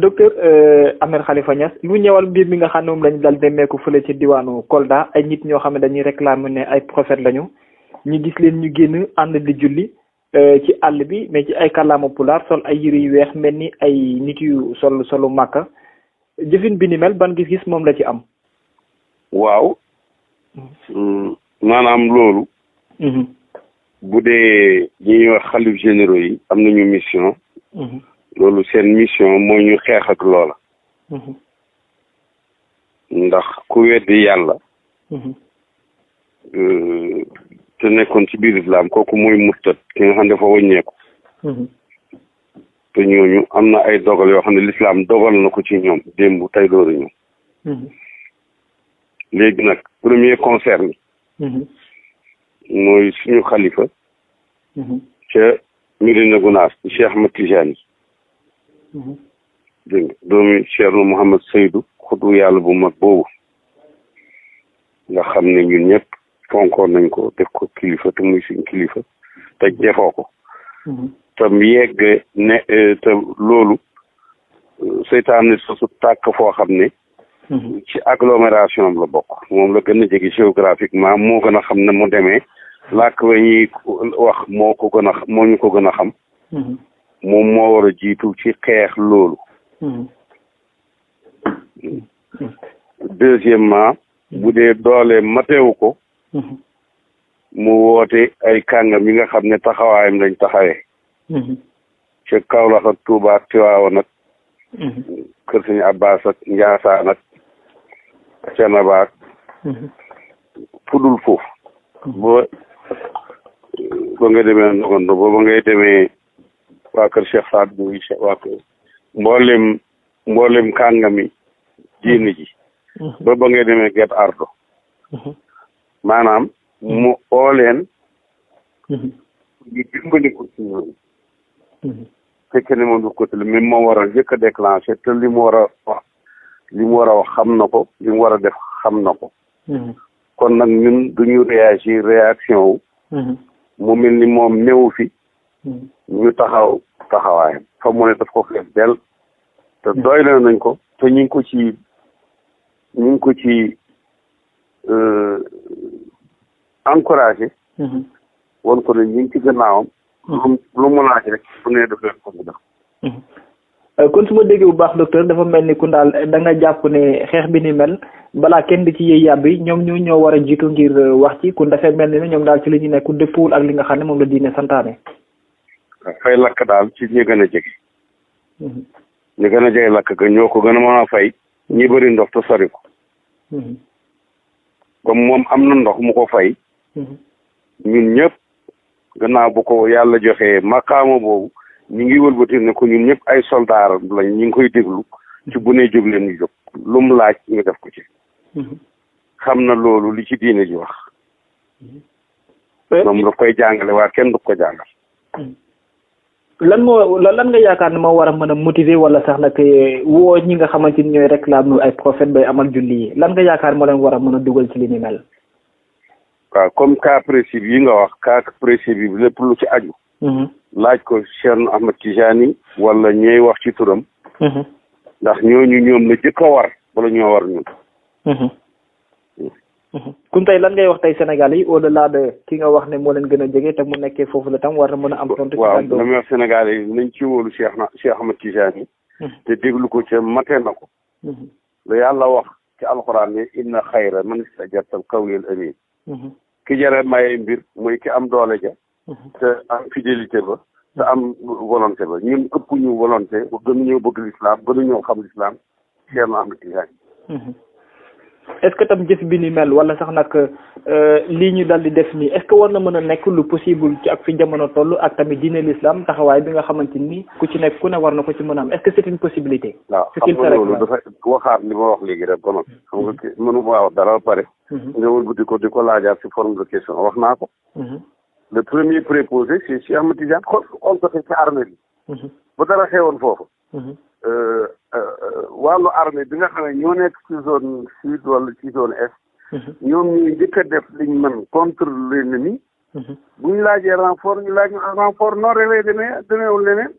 docteur euh, Ahmed xalifa Niass lu ñëwal mbir mi nga xam ne moom lañ dal demmeeku fële ci diwaanu Kolda ay nit ñoo xam ne dañuy réclamer ne ay prophète lañu ñu gis leen ñu génn ànd di julli euh, ci àll bi mais ci ay kàllaama pulaar sol ay yëre yu weex mel ni ay nit yu sol solu màkka jëfin bi ni mel ban gis-gis moom la ci am. waaw. Hmm. maanaam loolu. Hmm. bu dee ñuy wax xalif généraux yi am nañu mission. Hmm. loolu seen mission mooy ñu xeex ak loola mhm. ndax ku weddi yàlla mhm. euh, te nekkoon ci biir islam kooku mooy murtad ki nga xam ne dafa mhm. te ñooñu am na ay dogal yoo xam ne lislaam dogal na ko ci ñoom démb tey dooru ñoom léegi nag premier concerné mooy suñu xalifa ca Medina Gounass Cheikh Ahmed Tidiane dégg nga doomi Cheerno Mouhamed Seydou xutu yàlla bu mag boobu nga xam ne ñun ñëpp fonkoon nañ ko def ko kilifa te muy suñ kilifa te jefoo ko tam yegg ne euh, te loolu euh, seytaane su tàkk foo xam ne ci agglomération am la bokk moom la gën a jege géographiquement moo gën a xam ne mu demee làkk we ñuy wax moo ko gën a moo ñu ko gën a xam moom moo war jiitu ci xeex loolu. Hmm. Hmm. deuxièmement hmm. bu dee doolee matewu ko. mu woote ay kàngam yi nga xam ne taxawaayam lañ taxawee. ca Kaolack ak Touba ak Tiwaawan ak. Kër Sëñ Abbas ak Njaasaan ak Canaba ak. fudul foofu. ba ba nga demee Ndogando ba ba ngay demee. waa kër Cheikh Saad bu waa kër mboolem mboolem kàngami diini ji. Mhm. ba ba ngay demee Get Ardo. Mhm. maanaam mu oo leen. Mhm. ñu dimbali ko ci ñoom. fekk ne moom du ko tële mi ma war a njëkk a te li mu war a wax li mu war a wax xam na ko li mu war a def xam na ko. kon nag ñun duñu réagir réaction mu mel ni moom néew fi. ñu taxaw taxawaayam fa mu ne daf ko fees del te doy nañ ko te ñu ngi ko ci ñu ngi ko ci euh, encouragé mhm. won ko ne ñu ngi ci gannaawam mhm. lu mu laaj rek bu ne daf leen mhm. euh, kon su ma déggee bu baax docteur dafa mel ni kun daal da nga jàpp ne xeex bi ni mel balaa kenn di ci yëy yàbb ñoom ñu ñoo war a jiitu ngir euh, wax ci kun dafay mel ni ne ñoom daal ci li ñu nekk ku dëppuwul ak li nga xam ne moom la diine santaane fay lakk daal ci ñi a jege ñi gën a jege lakk ga ñoo ko gën a mën a fay ñi bëri ndox te sori ko comme moom am na ndox mu ko fay ñun ñëpp gannaaw bu ko yàlla joxee maqaama boobu ñu ngi wëlbati ne ko ñun ñëpp ay soldaar lañ ñu ngi koy déglu ci bu nee jóg leen jóg lu mu laaj ñu def ko ci xam na loolu li ci diine ji wax moom la koy jàngale waa kenn du ko jàngal lan moo lan nga yaakaar ne moo war a man a motiver wala sax nag eh, woo ñi nga xamante ni ñooy réclame ay prophète bay amal julli yi lan nga yaakaar moo leen war a mën a dugal ci li ni mel. waaw comme cas précis yi nga wax kaa précis bi lépp lu ci aju. Mm-hmm. laaj ko Cheikh Ahmed Tijani walla ñooy wax ci turam. Mm-hmm. ndax ñooñu ñoom la jëkk a war wala ñoo war ñun. Mm-hmm. Mhm. kon tey lan ngay wax tey Sénégal yi au delà de ki nga wax ne moo leen gën a jege te mu nekkee foofu la tam war na mën a am tontu waaw damay wax Sénégal yi nañ ci wóolu na Cheikh Ahmed Tidiane mhm. te déglu ko ca matee na ko mhm. la yàlla wax ci alxuraan ne inna xayra man istajartal qawiyul amin ki jara maye mbir mooy ki am doole ja te am fidélité ba te am volonté ba ñun ëpp ñu volonté gënuñoo bëgg lislaam gënuñoo xam lislaam Cheikh Ahmed Tidiane est-ce que tam jëf bi ni mel wala sax nag euh, lii ñu dal di def nii est que war na mën a nekk lu possible ci ak fi jamono toll ak tamit diine l'islam taxawaay bi nga xamante ni ku ci nekk ku ne war na ko ci mën a am est-ce que c'est une possibilité. waaw xam nga loolu dafa waxaat li ma wax léegi rek ba noppi. xam nga kii mënu dara pare. Mhm. nga wëlbati ko di ko laajaat si forme de question wax naa ko. Mhm. le premier préposé c'est Cheikh Ahmed Tidiane xool xool ko ci armée bi. Mhm. bu dara xewoon foofu. Euh, euh, euh, wàllu armée bi nga xam ne ñoo nekk ci zone sud wala ci zone est. Mhm. ñoom ñuy njëkk a def liñ mën contre l'ennemi. Mhm. bu ñu laajee renfort ñu laaj ñu renfort non rek lay demee demeewul leneen.